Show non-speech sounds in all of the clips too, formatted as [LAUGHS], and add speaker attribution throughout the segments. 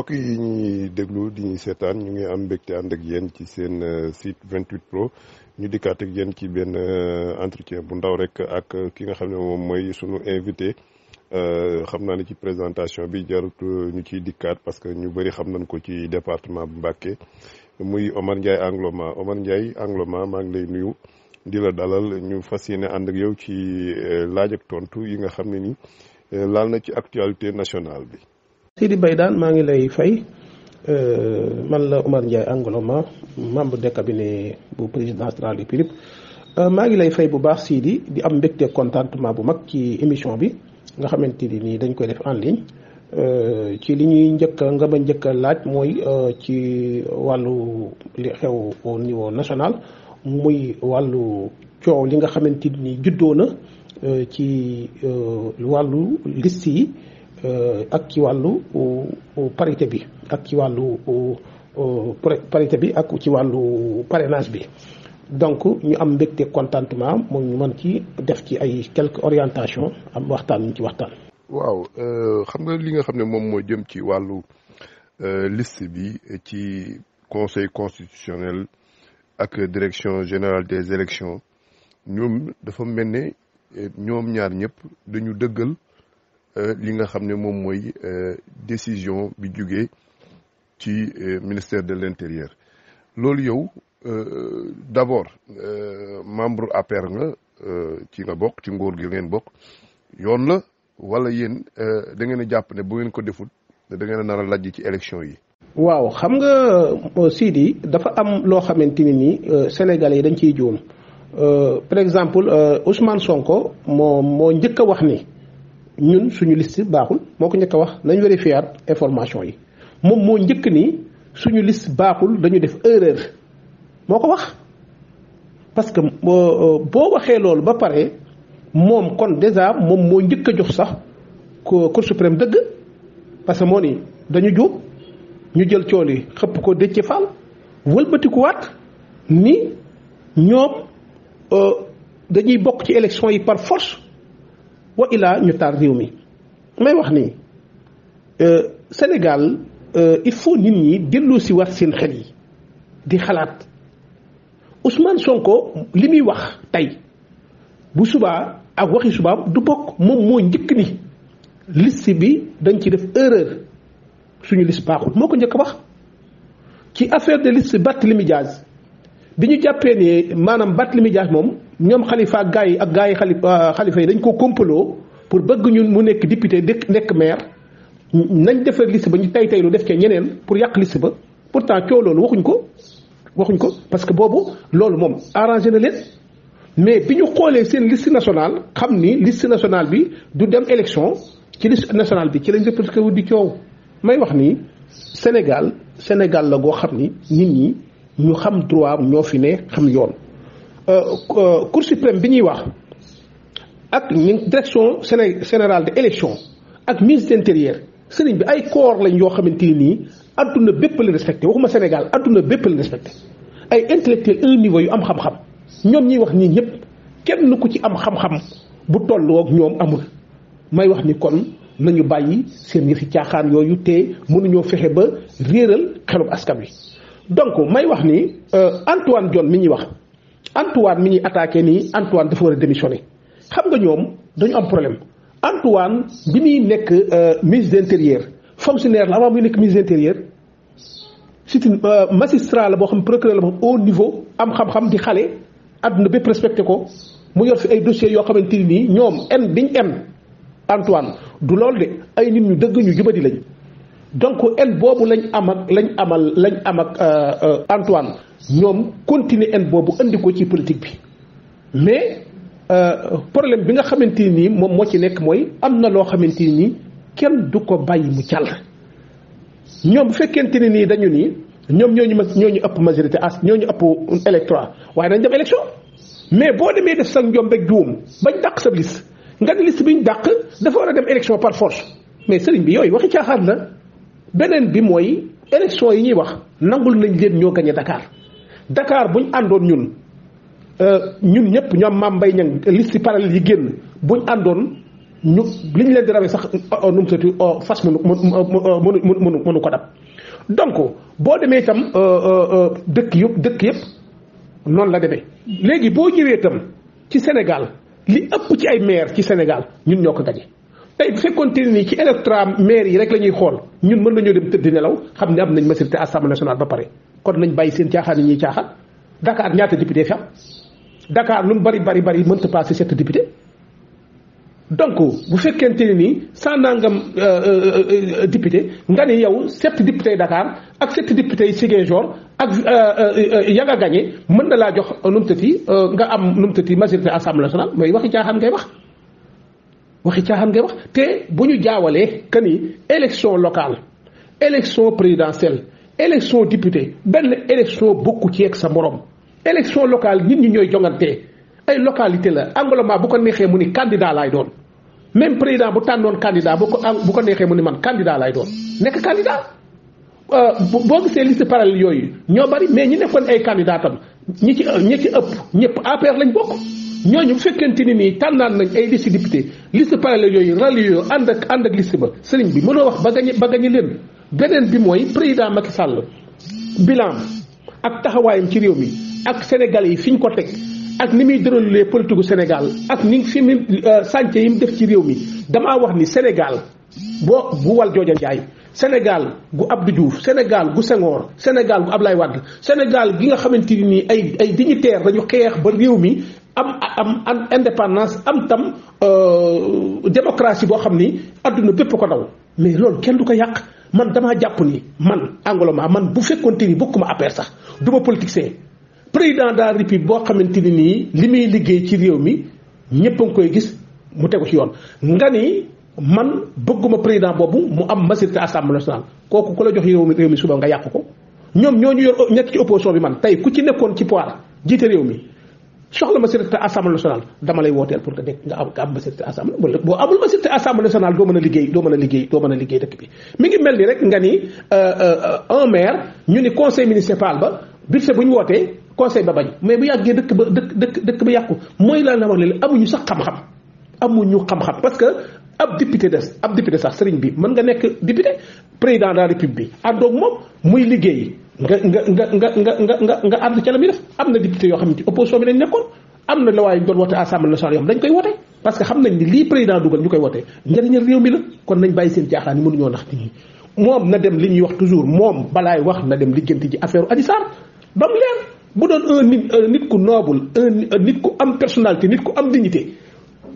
Speaker 1: mbokk yi ñuy déglu di ñuy seetaan ñu ngi am mbégte ànd ak yéen ci seen euh, site 28 pro ñu dikkaat ak yéen ci benn euh, entretien bu ndaw rek ak euh, ki nga xam ne moom mooy sunu invité xam naa ne ci présentation bi jarut ñu ciy dikkaat parce que ñu bëri xam nañ ko ci département bu Mbacké muy Omar Ndiaye Angloma Omar Ndiaye Angloma maa ngi lay nuyu di la dalal ñu fas yéene ànd ak yow ci laaj ak tontu yi nga xam ne ni laal na ci actualité nationale bi.
Speaker 2: Sidi Mbaye daan maa ngi lay fay euh, man la Oumar Ndiaye Angloma membre bi ne bu président de la euh, maa ngi lay fay bu baax sii di di am mbégte contentement bu mag ci émission bi nga xamante ni nii dañ koy def en ligne euh, ci li ñuy njëkk nga ma njëkk a laaj mooy ci wàllu li xew au niveau national muy wàllu coow li nga xamante ni juddoo na ci wàllu list yi. Euh, ak ci wàllu euh, euh, parité bi ak ci wàllu parité bi ak ci wàllu parrainage bi donc ñu am mbégte contentement moom ñu man ci def ci ay quelques orientations am waxtaan ci waxtaan.
Speaker 1: waaw xam nga li nga xam ne moom moo jëm ci wàllu liste bi ci conseil constitutionnel ak direction général des élections ñu dafa mel ne eh, ñoom ñaar ñëpp dañu dëggal. Euh, li nga xam ne moom mooy euh, décision bi jugee ci euh, ministère de l'intérieur loolu yow d'abord membre APR nga ci nga bokk ci nguur gi ngeen bokk yoon la wala yéen da ngeen a jàpp ne bu ngeen ko deful da ngeen a nar a lajj ci élection yi.
Speaker 2: waaw xam nga Sidi dafa am loo xamante ni nii Sénégalais yi dañ ciy juum par exemple Ousmane Sonko moo moo njëkk a wax ni. ñun suñu list baaxul moo ko njëkk a wax nañ vérifier information yi moom moo njëkk nii suñu list baaxul dañu def erreur moo ko wax parce que euh, euh, boo waxee loolu ba pare moom kon déjà moom moo njëkk a jox sax Cour suprême dëgg parce que moo ni dañu juub ñu jël cool yi xëpp ko Déthié Fall wëlbatikuwaat ni ñoom euh, dañuy bokk ci élection yi par force wa ilaa ñu taal réew mi may wax ni euh, Sénégal euh, il faut nit ñi delloo si waat seen xel yi di xalaat Ousmane Sonko li muy wax tey bu subaa ak waxi subaa du bokk moom moo njëkk ni liste bi dañ ci def erreur suñu liste baaxul moo ko njëkk wax ci affaire de liste Barthélémy Dias bi ñu jàppee ne maanaam Barthélémy Dias moom. ñoom xalifa ak yi ak gaa yi euh, xalifa yi dañ ko kompaloo pour bëgg ñu mu nekk député dëkk nekk maire nañ defar liste ba ñu tay tay lu def cee ñeneen pour yàq liste ba pourtant coow loolu waxuñ ko waxuñ ko parce que boobu loolu moom arrangé na leen mais bi ñu xoolee seen liste national xam ni liste nationale bi du dem élection ci liste national bi ci lañ répliqué wu di coow may wax nii Sénégal Sénégal la goo xam ni nit ñi ñu xam droit ñoo fi ne xam yoon Euh, cour suprême bi ñuy wax ak ñun direction séné générale de élection ak ministre de sëriñ bi ay corps lañ yoo xamante ni nii adduna bépp la respecté waxuma Sénégal adduna bépp la respecté ay intellectuel un niveau yu am xam-xam ñoom ñuy wax nii ñëpp kenn ku ci am xam-xam bu tolloo wook ñoom amul may wax ni kon nañu bàyyi seen yëfi caaxaan yooyu te mënuñoo fexe ba réeral xelum askan wi donc may wax ni euh, Antoine Diome mi ñuy wax. Antoine mi ñuy attaqué nii Antoine dafa war a démissionné xam nga ñoom dañu am problème Antoine bi muy nekk euh, ministre d' intérieur fonctionnaire la avant muy nekk ministre d' intérieur c' est euh, la boo xam procureur la boo xam au niveau am xam-xam di xale àdduna bépp respecté ko mu yor fi ay dossiers yoo xamante ni nii ñoom en biñ en Antoine du loolu de ay nit ñu dëgg ñu jubadi lañ donc en boobu lañ am ak lañ amal lañ am ak euh, euh, Antoine ñoom continuer en boobu indi ko ci politique bi mais euh, problème bi nga xamante nii moom moo ci nekk mooy am na loo xamante nii kenn du ko bàyyi mu càll ñoom bu fekkente ne nii dañu nii ñoom ñooñu mag ñooñu ëpp majorité as ñooñu ëpp électorat waaye nañ dem élection mais boo demee def sa njom beg juum bañ dàq sa liste nga ne liste bi ñu dàq dafa war a dem élection par force mais sëriñ bi yooyu waxi caaxaan na beneen bi mooy élection yi ñuy wax nangul nañ leen ñoo gañe dakaar dakaar buñ àndoon ñun euh, ñun ñëpp ñoom Mame Mbaye Niang liste parallèle yi génn buñ àndoon ñu liñ ñu leen di rawee sax euh, euh, nu mu soti fas mënu mënu mënu mënu ko dab donc boo demee itam dëkk yëpp dëkk yëpp noonu la demee léegi boo ñëwee itam ci Sénégal li ëpp ci ay maire ci Sénégal ñun ñoo ko gañe tey bu fekkoon te nii ci électorat maire yi rek la ñuy xool ñun mën nañoo dem tëdd nelaw xam ne am nañ majorité assemblée nationale ba pare kon nañ bàyyi seen caaxaan yi ñuy caaxaan Dakar ñaata député fi dakaar Dakar lu mu bari bari bari mënta passé sept député donc bu fekkente ni nii saa nangam euh, euh, euh, député nga ne yow sept député Dakar ak sept député Ziguinchor ak ya nga mën na laa jox nu mu tëti nga am nu mu tëti majorité assemblée nationale mooy waxi caaxaan ngay wax. waxi caaxaan ngay wax te bu ñu jaawalee que ni élection locale élection présidentielle élection député benn élection bokku ci ak sa morom élection locale nit ñi ñooy jongantee ay localité la Angloma bu ko neexee mu ni candidat laay doon même président bu tànnoon candidat bu ko bu ko neexee mu ni man candidat lay doon nekk candidat euh, boo gisee liste parallèle yooyu ñoo bari mais ñi nekkoon ay candidat tam ñi ci ñi ci ëpp ñëpp APR lañu bokk ñooñu bu fekkente ni nii tànnaan nañ ay liste député liste parallèle yooyu rallye yooyu ànd ak ànd ak liste ba sëriñ bi mënoo wax ba gañe ba gañe leen beneen bi mooy président Macky Sall bilan ak taxawaayam ci réew mi ak Sénégal yi fi ñu ko teg ak ni muy déroulé politique gu Sénégal ak ni fi mu euh, sànce yi mu def ci réew mi damaa wax ni Sénégal boo bu wal jooja njaay Sénégal gu ab du Diouf Sénégal gu Senghor Sénégal gu Ablaye Wade Sénégal gi nga xamante ni ay ay dignitaire dañu xeex ba réew mi am indépendance am tam euh, démocratie boo xam ni adduna bépp ko daw mais loolu kenn du ko yàq man damaa jàpp ni man Angloma man bu fekkoonte ni bokkuma affaire sax du ma politicien président de la boo xamante ni nii li muy liggéey ci réew mi ñëpp a ngi koy gis mu tegu ci yoon nga ni man bëgguma président boobu mu am majorité assemblée nationale kooku ku la jox réew mi réew mi suba nga yàq ko ñoom ñoo ñu yor nekk ci opposition bi man tey ku ci nekkoon ci pouvoir jiite réew mi soxla majorité assemblée nationale dama lay wooteel pour que nekk nga am nga am majorité assemblée boo amul majorité nationale doo mën a liggéey doo mën a liggéey doo mën a liggéey dëkk bi mi ngi mel ni rek nga ni euh, euh, un maire ñu ni conseil municipal ba budget bu ñu wootee conseil ba bañ mais bu yàggee dëkk ba dëkk dëkk dëkk ba yàqu mooy la la wax léegi amuñu sax xam-xam amuñu xam-xam parce que ab député des ab député sax sëriñ bi mën nga nekk député président de la république bi àndoog moom muy liggéey nga nga nga nga nga nga nga nga ànd ca la muy def am na député yoo xam ne ci opposition bi lañ nekkoon am na la waaye ñu doon wote assemblée nationale yoo xam dañ koy wote parce que xam nañ ni lii président dugal ñu koy wote njëriñal réew mi la kon nañ bàyyi seen jaaxaan yi mënuñoo nax nit ñi moom na dem li ñuy wax toujours moom balaay wax na dem lijjanti ji affaire Adji Sarr ba mu leer bu doon un nit nit ku noble un nit ku am personnalité nit ku am dignité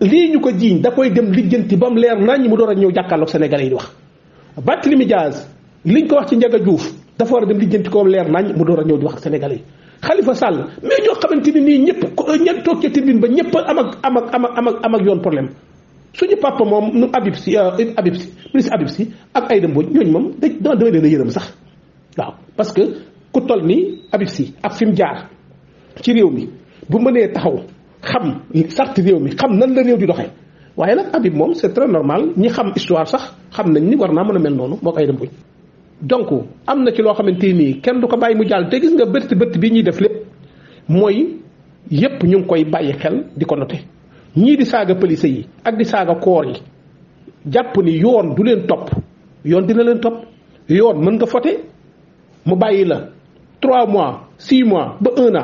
Speaker 2: lii ñu ko jiiñ da koy dem lijjanti ba mu leer nañ mu door a ñëw jàkkaarloog sénégalais yi di wax Barthélémy Dias liñ ko wax ci Ndiaga Diouf dafa war a dem lijjanti koom leer nañ mu door a ñëw di wax ak sénégalais yi Khalifa Sall mais ñoo xamante ni nii ñëpp euh, ñen toog ca tribune ba ñëpp am ak am ak am am ak yoon problème suñu papa moom nu Habib Sy euh, Habib Sy ministre Habib Sy ak Aïda Mbodj ñooñu moom da dama damay leen a yërëm sax waaw parce que ku toll ni Habib Sy ak fi mu jaar ci réew mi bu mënee taxaw xam sart réew mi xam nan la réew di doxee waaye nag Habib moom c'est très normal ñi xam histoire sax xam nañ ni war naa mën a mel noonu moo ko Aïda Mbodj donc am na ci loo xamante nii kenn du ko bàyyi mu jàll te gis nga bëtt bëtt bi ñuy def lépp mooy yépp ñu ngi koy bàyyi xel di ko noté ñii di saaga pëlise yi ak di saaga koor yi jàpp ni yoon du leen topp yoon dina leen topp yoon mën nga fote mu bàyyi la trois mois six mois ba un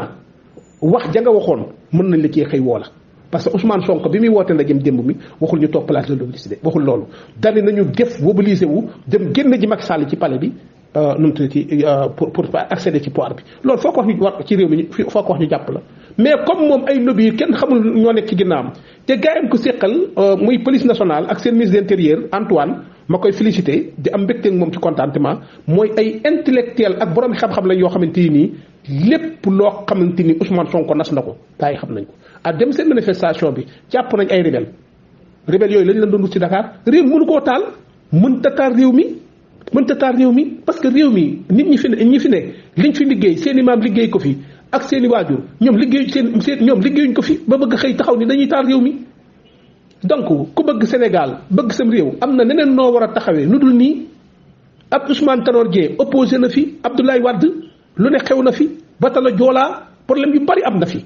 Speaker 2: wax ja nga waxoon mën nañ la cee xëy woo la parce que Ousmane Sonko bi muy woote ndajem démb mi waxul ñu toog place de l'Obélisque waxul loolu dani nañu def mobiliser wu dem génn ji Macky Sall ci pale bi euh, nu mu euh, pour pour ci pouvoir bi loolu foo ko wax ñu ci réew mi foo ko wax ñu jàpp la mais comme moom ay lobby yi kenn xamul ñoo nekk ci ginnaawam te gaayam ko séqal euh, muy police nationale ak seen ministre d'intérieur Antoine ma koy félicité di am mbégteeg moom ci contentement mooy ay intellectuel ak borom xam-xam lañ yoo xamante ni nii lépp loo xamante ni Ousmane Sonko nas na ko gaa xam nañ ko ah dem seen manifestation bi jàpp nañ ay rebelle rebelle yooyu lañ leen doon wut ci Dakar réew mënu koo taal mën tataar réew mi mën tataar réew mi parce que réew mi nit ñi fi ne ñi fi ne liñ fi liggéey seen i maam liggéey ko fi ak seen waajur ñoom liggéey seen seen ñoom liggéeyuñ ko fi ba bëgg xëy taxaw ni dañuy taal réew mi donc ku bëgg Sénégal bëgg sam réew am na neneen noo war a taxawee lu dul nii ab Ousmane Tanor Dieng na fi Abdoulaye Wade lu ne xew na fi batala joolaa pour problème yu bari am na fi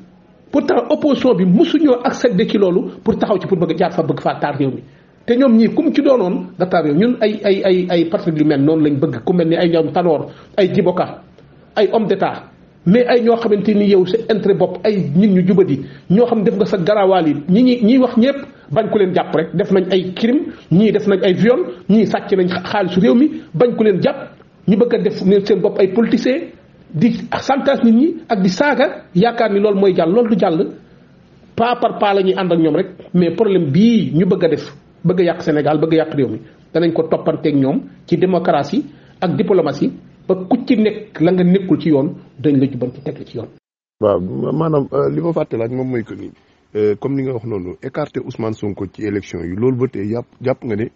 Speaker 2: pourtant opposition bi ak accéder ci loolu pour taxaw ci pour bëgg jaar fa bëgg faa taar réew mi te ñoom ñii ku mu ci doonoon nga taar réew ñun ay ay ay ay parti yu mel noonu lañ bëgg ku mel ni ay ñoom ay Djiboka ay homme d'état mais ay ñoo xamante ni yow sa intérêt bopp ay nit ñu jubadi ñoo xam def nga sa garaawaal yi ñi ñi ñiy wax ñëpp bañ ku leen jàpp rek def nañ ay crime ñii def nañ ay viol ñii sàcc nañ xaalisu réew mi bañ ku leen jàpp ñu bëgg a def seen bopp ay politiciens di santas nit ñi ak di saaga yaakaar ni loolu mooy jàll loolu du jàll pas par pas la ñuy ànd ak ñoom rek mais problème bii ñu bëgg a def bëgg a yàq senegal bëgg a yàq réew mi danañ ko toppanteeg ñoom ci démocratie ak diplomatie ba ku ci nekk la nga nekkul ci yoon dañ la ci teg la ci yoon. waaw maanaam euh, li ma fàttalaat moom mooy que euh, comme ni nga wax noonu écarter
Speaker 1: Ousmane Sonko ci élection yi loolu ba tey yàpp jàpp nga ne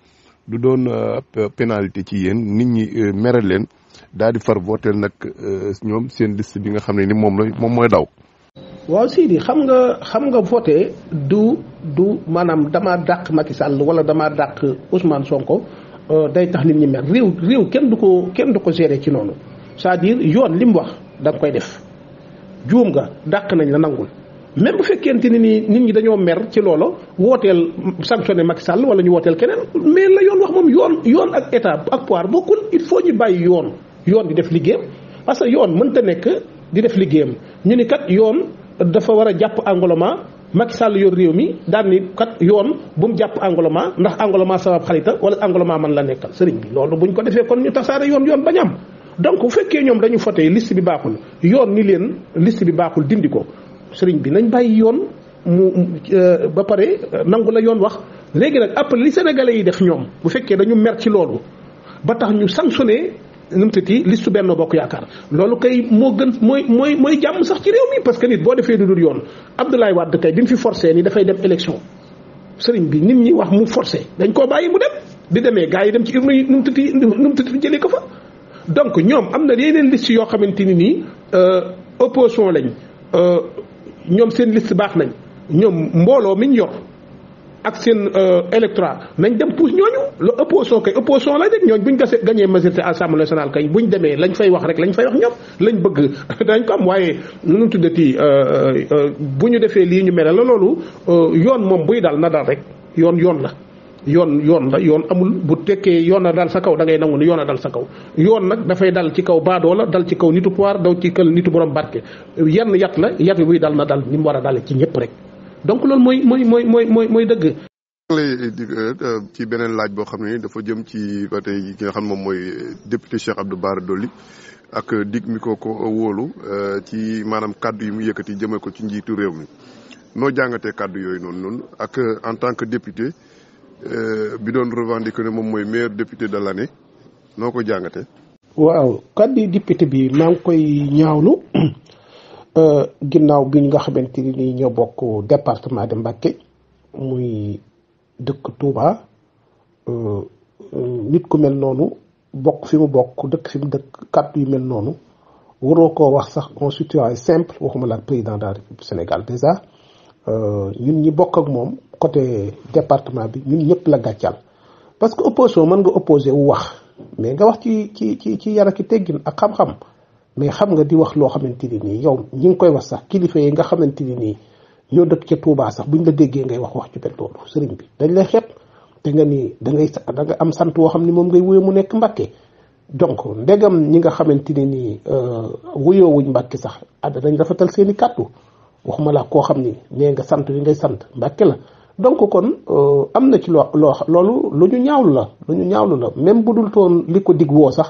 Speaker 1: du doon euh, pénalité ci yéen nit ñi mere leen. daal di far vooteel nag euh, ñoom seen liste bi nga xam ne ni moom la moom mooy daw.
Speaker 2: waaw Sidi xam nga xam nga voté du du maanaam damaa dàq Macky Sall wala damaa dàq Ousmane Sonko euh, day tax nit ñi mer réew réew kenn du ko kenn du ko gérer ci noonu cest à yoon li mu wax danga koy def juum nga dàq nañ la nangul. même bu fekkente ni nii nit ñi dañoo mer ci loolo wooteel sanctionné Macky Sall wala ñu wooteel keneen mais la yoon wax moom yoon ak état ak pouvoir bokkul il faut ñu bàyyi yoon. yoon di def liggéeyam parce que yoon mënta nekk di def liggéeyam ñu ni kat yoon dafa war a jàpp Angloma Macky Sall yor réew mi daan ni kat yoon bu mu jàpp Angloma ndax Angloma sabab xarita wala Angloma man la nekkal sëriñ bi loolu buñ ko defee kon ñu tasaare yoon yoon bañ am donc bu fekkee ñoom dañu fote liste bi baaxul yoon ni leen liste bi baaxul dindi ko sëriñ bi nañ bàyyi yoon mu euh, ba pare euh, nangu la yoon wax léegi nag après li sénégalais yi def ñoom bu fekkee dañu mer loolu ba tax ñu sanctionné nu mu tëddee liste benn bokk yaakaar loolu koy moo gën mooy mooy mooy jàmm sax ci réew mi parce que nit boo defee du dul yoon Abdoulaye Wade kay bi mu fi forcé ni dafay dem élection seriñ bi nit ñi wax mu forcé dañ koo bàyyi mu dem di demee gars yi dem ci urne yi nu mu tëddee nu mu tëddee jëlee ko fa. donc ñoom am na yeneen liste yoo xamante ni nii euh, opposition lañ euh, ñoom seen liste baax nañ ñoom mbooloo mi ñu yor. ak seen euh, électorat nañ dem pousse ñooñu lu opposition kay opposition la rek ñooñu bu ñu gasee gañee majorité assemblée nationale kay bu ñu demee lañ fay wax rek lañ fay wax ñoom lañ bëgg [LAUGHS] dañ ko am waaye nu mu tuddati euh, euh, bu ñu defee lii ñu mel la loolu yoon moom buy dal na dal rek yoon yoon la. yoon yoon yoon amul bu tekkee yoon na dal sa kaw dangay ngay nangu ni yoon na dal sa kaw yoon nag dafay dal ci kaw baadoo la dal ci kaw nitu pouvoir daw ci kaw nitu borom barke yenn yat la yat buy dal na dal ni mu war a dale ci ñëpp rek. donc loolu mooy mooy mooy mooy mooy mooy dëgg.
Speaker 1: Euh, euh, ci beneen laaj boo xam ne dafa jëm ci ba tey ki xam moom mooy euh, député Cheikh Abdou Bara Dolly ak digg mi ko ko wóolu ci maanaam kàddu yi mu yëkkati jëmee ko ci njiitu réew mi noo jàngatee kàddu yooyu noonu noonu ak en tant que député bi doon revendiquer ne moom mooy meilleur député de l'année noo ko jàngatee.
Speaker 2: waaw kàddu député bi maa koy ñaawlu. Euh, ginnaaw bi ñu nga xamante ni nii ñoo bokk département de Mbacké muy dëkk Touba euh, nit ku mel noonu bokk fi mu bokk dëkk fi mu dëkk kàddu yu mel noonu waroo ko wax sax en situation simple waxuma la président de la République Sénégal déjà euh, ñun ñi bokk ak moom côté département bi ñun ñëpp la gàccal parce que opposition mën nga opposé wu wax mais nga wax ci ci ci ci yara ki teggin ak xam-xam mais xam nga di wax loo xamante ni nii yow ñi ngi koy wax sax kilifa yi xamante ni nii ñoo dëkk ca Touba sax buñ la déggee ngay wax wax ci benn loolu sëriñ bi dañ lay xeeb nga ni da ngay da nga am sant woo xam ni moom ngay wuyoo mu nekk Mbàkke donc ndegam ñi nga xamante ne nii euh, wuyoo wuñ Mbàkke sax ada ah, dañ rafetal seen i kàddu waxuma laa koo xam ni nee nga sant wi ngay sant Mbàkke la donc kon euh, am na ci loo loo loolu lu ñu ñaawlu la lu ñu ñaawlu la même bu dul toon li ko dig woo sax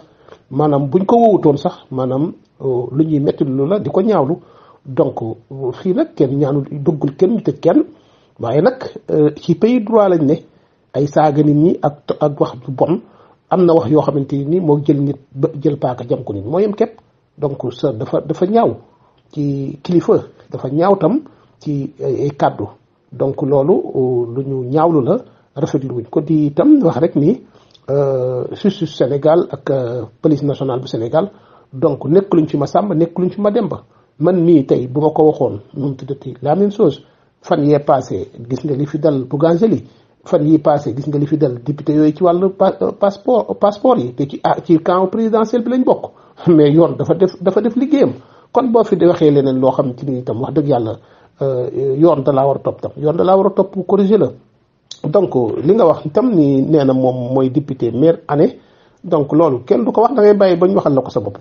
Speaker 2: maanaam buñ ko wowutoon sax maanaam euh, lu ñuy metti la di ko ñaawlu donc euh, fii nag kenn ñaanul bëggul kenn te kenn waaye nag euh, ci pays droit lañ ne ay saaga nit ñi ak ak wax bu bon am na wax yoo xamante ni moo jël nit ba jël paaka jam ko nit moo yem képp donc sa dafa dafa ñaaw ci kilifa dafa ñaaw tam ci ay kàddu donc loolu lu ñu ñaawlu la rafetlu wuñ ko di itam wax rek nii justice euh, Sénégal ak euh, police nationale bu Sénégal donc nekk luñ fi ma sàmm nekk luñ ci ma dem ba man mii tey bu ma ko waxoon nu mu tuddati la même chose fan yee passé gis nga li fi dal Bougangeli fan yii passé gis nga li fi dal député yooyu ci wàllu euh, passeport passeport yi te ci ah ci camp présidentiel bi lañ bokk [LAUGHS] mais yoon dafa def dafa def liggéeyam kon boo fi di waxee leneen loo xam ci ni itam wax dëgg yàlla yoon da laa war a topp tam yoon da laa war a topp corrigé la donc li nga wax tam ni nee na moom mooy député maire année donc loolu kenn du ko wax da ngay bàyyi ba waxal la ko sa bopp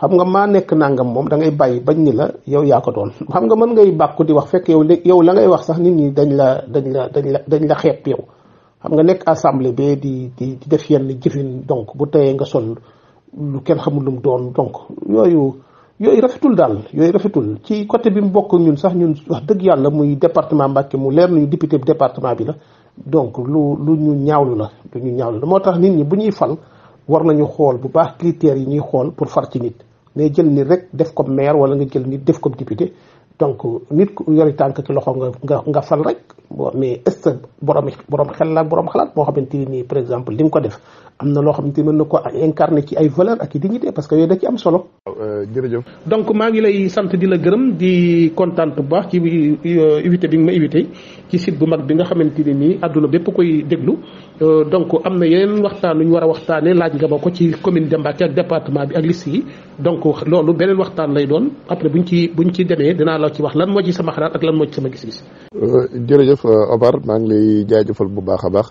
Speaker 2: xam nga maa nekk nangam moom dangay ngay bàyyi bañ ni la yow yaa ko doon xam nga mën ngay bàkku di wax fekk yow yow la ngay wax sax nit ñi dañ la dañ la dañ la dañ la xeeb yow xam nga nekk assemblée bee di di di def yenn jëfin donc bu teyee nga sol lu kenn xamul lu mu doon donc yooyu yooyu rafetul daal yooyu rafetul ci côté bi mu bokk ñun sax ñun wax dëgg yàlla muy département Mbacké mu leer nañu député département bi la donc lu lu ñu ñaawlu la lu ñu ñaawlu la moo tax nit ñi bu ñuy fal war nañu xool bu baax critères yi ñuy xool pour far ci nit mais jël nit rek def ko maire wala nga jël nit def ko député donc nit ku yori tànk ki loxo nga nga nga fal rek mais est ce que borom borom xel la borom xalaat boo xamante ni par exemple li mu ko def. am na loo xam te mën na ko incarné ci ay valeur ak i dignité parce que yooyu da ci am solo. Euh, jërëjëf. donc maa ngi lay sant di la gërëm di kontaan bu baax ci euh, invité bi nga ma invité ci site bu mag bi nga xamante ne nii àdduna bépp koy déglu Euh, donc am na yeneen waxtaan lu ñu war a waxtaanee laaj nga ma ko ci commune de département bi ak liste yi donc loolu beneen waxtaan lay doon après buñ ci buñ ci demee dinaa la ci wax lan moo ci sama xalaat ak lan moo ci sama gis-gis.
Speaker 1: Euh, jërëjëf euh, Omar maa ngi lay jaajëfal bu baax a baax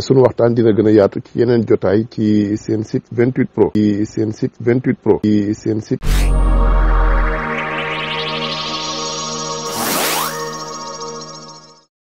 Speaker 1: sunu waxtaan dina gën a yaatu ci yeneen jotaay ci seen site vingt pro. ci seen site 28 pro. ci seen site.